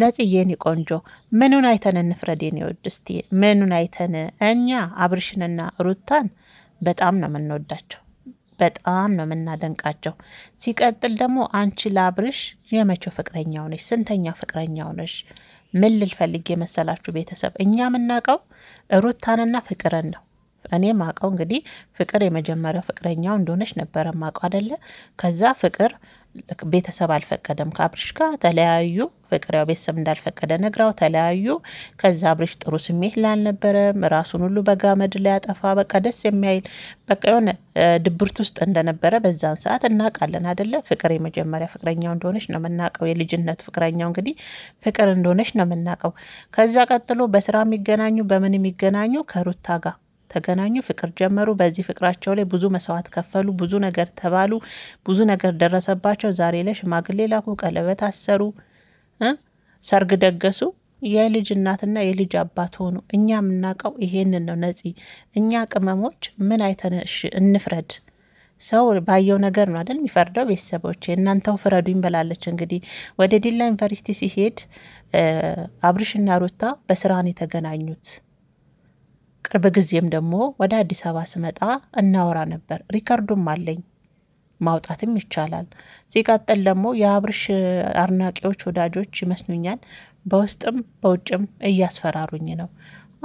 ነፂ ቆንጆ ምኑን አይተን እንፍረድ? የኔ እስቲ ምኑን አይተን? እኛ አብርሽንና ሩታን በጣም ነው የምንወዳቸው፣ በጣም ነው የምናደንቃቸው። ሲቀጥል ደግሞ አንቺ ለአብርሽ የመቼው ፍቅረኛው ነሽ? ስንተኛ ፍቅረኛው ነሽ? ምን ልልፈልግ የመሰላችሁ ቤተሰብ፣ እኛ የምናውቀው ሩታንና ፍቅርን ነው እኔ ማቀው እንግዲህ ፍቅር የመጀመሪያው ፍቅረኛው እንደሆነች ነበረ ማቀው አደለ። ከዛ ፍቅር ቤተሰብ አልፈቀደም ከአብርሽ ጋር ተለያዩ። ፍቅር ያው ቤተሰብ እንዳልፈቀደ ነግራው ተለያዩ። ከዛ አብርሽ ጥሩ ስሜት ላይ አልነበረም። ራሱን ሁሉ በጋመድ ላይ ያጠፋ በቃ ደስ የሚያይል በቃ የሆነ ድብርት ውስጥ እንደነበረ በዛን ሰዓት እናውቃለን አደለ። ፍቅር የመጀመሪያ ፍቅረኛው እንደሆነች ነው የምናውቀው። የልጅነቱ ፍቅረኛው እንግዲህ ፍቅር እንደሆነች ነው የምናውቀው። ከዛ ቀጥሎ በስራ የሚገናኙ በምን የሚገናኙ ከሩታ ጋር ተገናኙ፣ ፍቅር ጀመሩ። በዚህ ፍቅራቸው ላይ ብዙ መስዋዕት ከፈሉ፣ ብዙ ነገር ተባሉ፣ ብዙ ነገር ደረሰባቸው። ዛሬ ላይ ሽማግሌ ላኩ፣ ቀለበት አሰሩ፣ ሰርግ ደገሱ። የልጅ እናትና የልጅ አባት ሆኑ። እኛ የምናውቀው ይሄንን ነው። ነፂ፣ እኛ ቅመሞች ምን አይተነሽ እንፍረድ? ሰው ባየው ነገር ነው አይደል የሚፈርደው። ቤተሰቦች እናንተው ፍረዱኝ ብላለች። እንግዲህ ወደ ዲላ ዩኒቨርሲቲ ሲሄድ አብርሽና ሩታ በስራ ነው የተገናኙት። ቅርብ ጊዜም ደግሞ ወደ አዲስ አበባ ስመጣ እናወራ ነበር ሪከርዱም አለኝ ማውጣትም ይቻላል። ሲቀጥል ደግሞ የአብርሽ አድናቂዎች ወዳጆች ይመስሉኛል በውስጥም በውጭም እያስፈራሩኝ ነው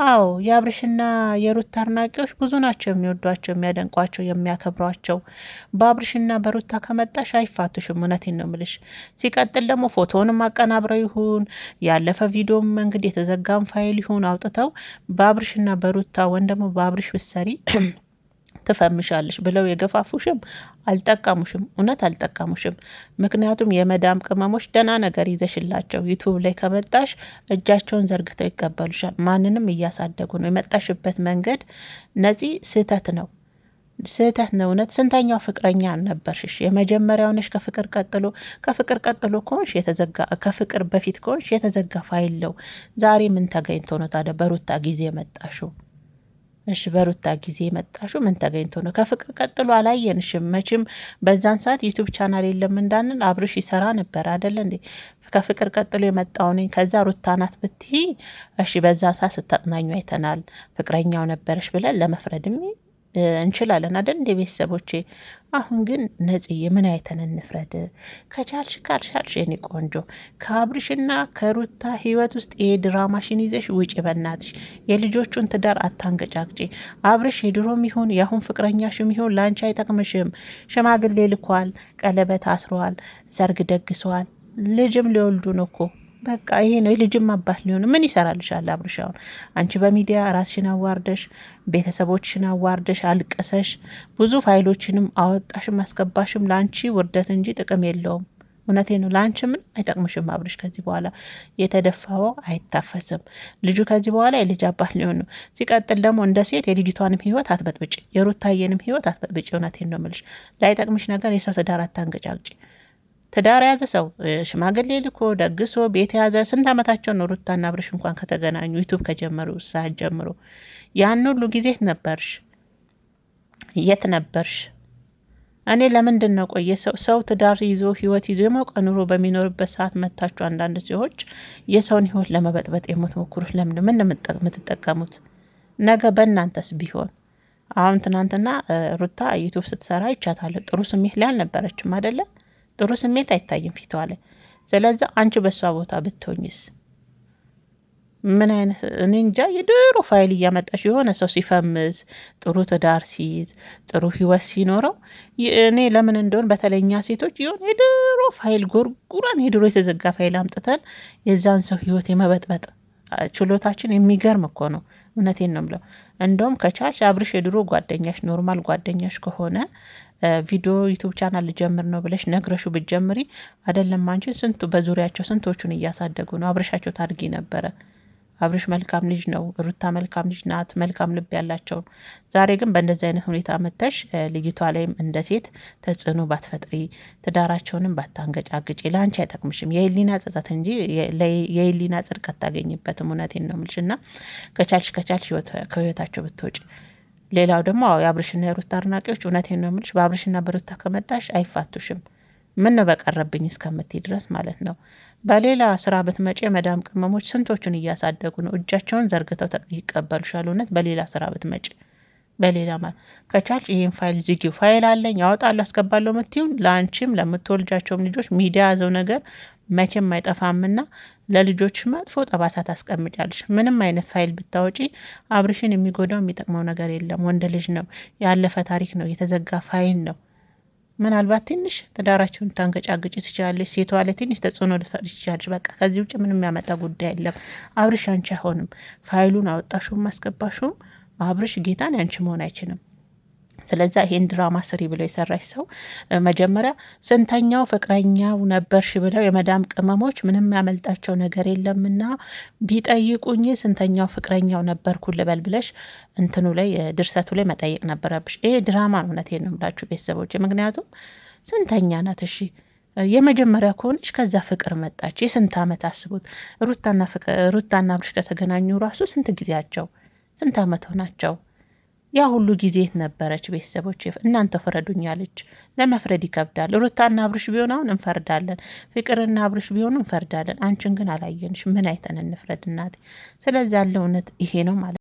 አዎ የአብርሽና የሩታ አድናቂዎች ብዙ ናቸው የሚወዷቸው የሚያደንቋቸው የሚያከብሯቸው በአብርሽና በሩታ ከመጣሽ አይፋቱሽም እውነቴን ነው ምልሽ ሲቀጥል ደግሞ ፎቶውንም አቀናብረው ይሁን ያለፈ ቪዲዮም እንግዲህ የተዘጋም ፋይል ይሁን አውጥተው በአብርሽና በሩታ ወይም ደግሞ በአብርሽ ብሰሪ ትፈምሻለሽ ብለው የገፋፉሽም አልጠቀሙሽም፣ እውነት አልጠቀሙሽም። ምክንያቱም የመዳም ቅመሞች ደህና ነገር ይዘሽላቸው ዩቱብ ላይ ከመጣሽ እጃቸውን ዘርግተው ይቀበሉሻል። ማንንም እያሳደጉ ነው። የመጣሽበት መንገድ ነፂ ስህተት ነው ስህተት ነው። እውነት ስንተኛው ፍቅረኛ ነበርሽሽ? የመጀመሪያው ነሽ? ከፍቅር ቀጥሎ ከፍቅር ቀጥሎ ከሆንሽ የተዘጋ ከፍቅር በፊት ከሆንሽ የተዘጋ ፋይል ነው። ዛሬ ምን ተገኝቶ ነው ታዲያ በሩታ ጊዜ የመጣሽው? እሺ በሩታ ጊዜ መጣሹ ምን ተገኝቶ ነው? ከፍቅር ቀጥሎ አላየንሽም። መቼም በዛን ሰዓት ዩቱብ ቻናል የለም እንዳንል አብርሽ ይሰራ ነበር አደለ እንዴ? ከፍቅር ቀጥሎ የመጣው ነኝ ከዛ ሩታ ናት ብትይ፣ እሺ በዛን ሰዓት ስታጥናኙ አይተናል። ፍቅረኛው ነበረሽ ብለን ለመፍረድም እንችላለን አይደል? እንደ ቤተሰቦቼ። አሁን ግን ነጽዬ ምን አይተንን እንፍረድ? ከቻልሽ ካልሻልሽ የኔ ቆንጆ ከአብርሽና ከሩታ ህይወት ውስጥ ይሄ ድራማሽን ይዘሽ ውጭ በናትሽ። የልጆቹን ትዳር አታንገጫግጪ። አብርሽ የድሮም ይሁን የአሁን ፍቅረኛሽም ይሁን ለአንቺ አይጠቅምሽም። ሽማግሌ ልኳል፣ ቀለበት አስረዋል፣ ሰርግ ደግሰዋል፣ ልጅም ሊወልዱ ነው እኮ በቃ ይሄ ነው። የልጅም አባት ሊሆን ምን ይሰራልሻል? አብርሽ አሁን አንቺ በሚዲያ ራስሽን አዋርደሽ ቤተሰቦችሽን አዋርደሽ አልቀሰሽ ብዙ ፋይሎችንም አወጣሽም አስገባሽም ለአንቺ ውርደት እንጂ ጥቅም የለውም። እውነቴ ነው። ለአንቺ ምን አይጠቅምሽም አብርሽ። ከዚህ በኋላ የተደፋው አይታፈስም። ልጁ ከዚህ በኋላ የልጅ አባት ሊሆን ነው። ሲቀጥል ደግሞ እንደ ሴት የልጅቷንም ህይወት አትበጥብጭ፣ የሩታየንም ህይወት አትበጥብጭ። እውነቴን ነው የምልሽ። ላይጠቅምሽ ነገር የሰው ትዳር አታንገጫግጭ። ትዳር የያዘ ሰው ሽማግሌ ልኮ ደግሶ ቤት የያዘ ስንት ዓመታቸው ነው? ሩታና አብርሽ እንኳን ከተገናኙ ዩቱብ ከጀመሩ ሰዓት ጀምሮ ያን ሁሉ ጊዜ ነበርሽ? የት ነበርሽ? እኔ ለምንድን ነው ቆየ ሰው ትዳር ይዞ ህይወት ይዞ የሞቀ ኑሮ በሚኖርበት ሰዓት መታችሁ አንዳንድ ሰዎች የሰውን ህይወት ለመበጥበጥ የምትሞክሩት ለምን ምን የምትጠቀሙት? ነገ በእናንተስ ቢሆን አሁን ትናንትና ሩታ ዩቱብ ስትሰራ ይቻታለሁ ጥሩ ስሜት ላይ አልነበረችም አይደለም? ጥሩ ስሜት አይታይም ፊቷ ላይ። ስለዚ አንቺ በእሷ ቦታ ብትሆኝስ ምን አይነት እኔ እንጃ። የድሮ ፋይል እያመጣሽ የሆነ ሰው ሲፈምስ ጥሩ ትዳር ሲይዝ ጥሩ ህይወት ሲኖረው እኔ ለምን እንደሆን በተለኛ ሴቶች የሆነ የድሮ ፋይል ጎርጉረን የድሮ የተዘጋ ፋይል አምጥተን የዛን ሰው ህይወት የመበጥበጥ ችሎታችን የሚገርም እኮ ነው። እውነቴን ነው ምለው እንደውም ከቻልሽ አብርሽ የድሮ ጓደኛሽ ኖርማል ጓደኛሽ ከሆነ ቪዲዮ ዩቱብ ቻናል ልጀምር ነው ብለሽ ነግረሹ ብጀምሪ አይደለም አንቺን ስንቱ በዙሪያቸው ስንቶቹን እያሳደጉ ነው አብረሻቸው ታድጊ ነበረ። አብርሽ መልካም ልጅ ነው፣ ሩታ መልካም ልጅ ናት፣ መልካም ልብ ያላቸው። ዛሬ ግን በእንደዚህ አይነት ሁኔታ መተሽ ልጅቷ ላይም እንደ ሴት ተጽዕኖ ባትፈጥሪ፣ ትዳራቸውንም ባታንገጫግጭ፣ ለአንቺ አይጠቅምሽም። የህሊና ጸጸት እንጂ የህሊና ጽድቅ አታገኝበትም። እውነቴን ነው የምልሽ እና ከቻልሽ ከቻልሽ ከህይወታቸው ብትወጪ ሌላው ደግሞ የአብርሽና የሩታ አድናቂዎች እውነቴን ነው የምልሽ በአብርሽና በሩታ ከመጣሽ አይፋቱሽም። ምን ነው በቀረብኝ እስከምትይ ድረስ ማለት ነው። በሌላ ስራ ብትመጪ መዳም ቅመሞች ስንቶቹን እያሳደጉ ነው እጃቸውን ዘርግተው ይቀበሉሻል። እውነት በሌላ ስራ ብትመጪ በሌላ ከቻልሽ ይህን ፋይል ዝጊው፣ ፋይል አለኝ አወጣለሁ አስገባለሁ የምትይውን ለአንቺም ለምትወልጃቸውም ልጆች ሚዲያ ያዘው ነገር መቼም አይጠፋምና ለልጆች መጥፎ ጠባሳ ታስቀምጫለሽ። ምንም አይነት ፋይል ብታወጪ አብርሽን የሚጎዳው የሚጠቅመው ነገር የለም። ወንድ ልጅ ነው፣ ያለፈ ታሪክ ነው፣ የተዘጋ ፋይል ነው። ምናልባት ትንሽ ትዳራቸውን ታንገጫግጭ ትችላለች ሴቷ ላይ ትንሽ ተጽዕኖ ልፈጥር ትችላለች። በቃ ከዚህ ውጭ ምንም የሚያመጣ ጉዳይ የለም። አብርሽ አንቺ አይሆንም ፋይሉን አወጣሹም አስገባሽውም አብርሽ ጌታን ያንቺ መሆን አይችልም ስለዛ ይሄን ድራማ ስሪ ብለው የሰራች ሰው መጀመሪያ ስንተኛው ፍቅረኛው ነበርሽ ብለው የመዳም ቅመሞች ምንም ያመልጣቸው ነገር የለምና ቢጠይቁኝ ስንተኛው ፍቅረኛው ነበርኩ ልበል ብለሽ እንትኑ ላይ ድርሰቱ ላይ መጠየቅ ነበረብሽ። ይሄ ድራማ እውነት ነው ብላችሁ ቤተሰቦች፣ ምክንያቱም ስንተኛ ናት? እሺ የመጀመሪያ ከሆነች ከዛ ፍቅር መጣች። የስንት ዓመት አስቡት። ሩታና አብርሽ ከተገናኙ ራሱ ስንት ጊዜያቸው ስንት ዓመት ሆናቸው? ያ ሁሉ ጊዜ የት ነበረች? ቤተሰቦች እናንተ ፍረዱኝ አለች። ለመፍረድ ይከብዳል። ሩታና አብርሽ ቢሆን አሁን እንፈርዳለን፣ ፍቅርና አብርሽ ቢሆኑ እንፈርዳለን። አንቺን ግን አላየንሽ። ምን አይተን እንፍረድ እናቴ? ስለዚህ ያለ እውነት ይሄ ነው ማለት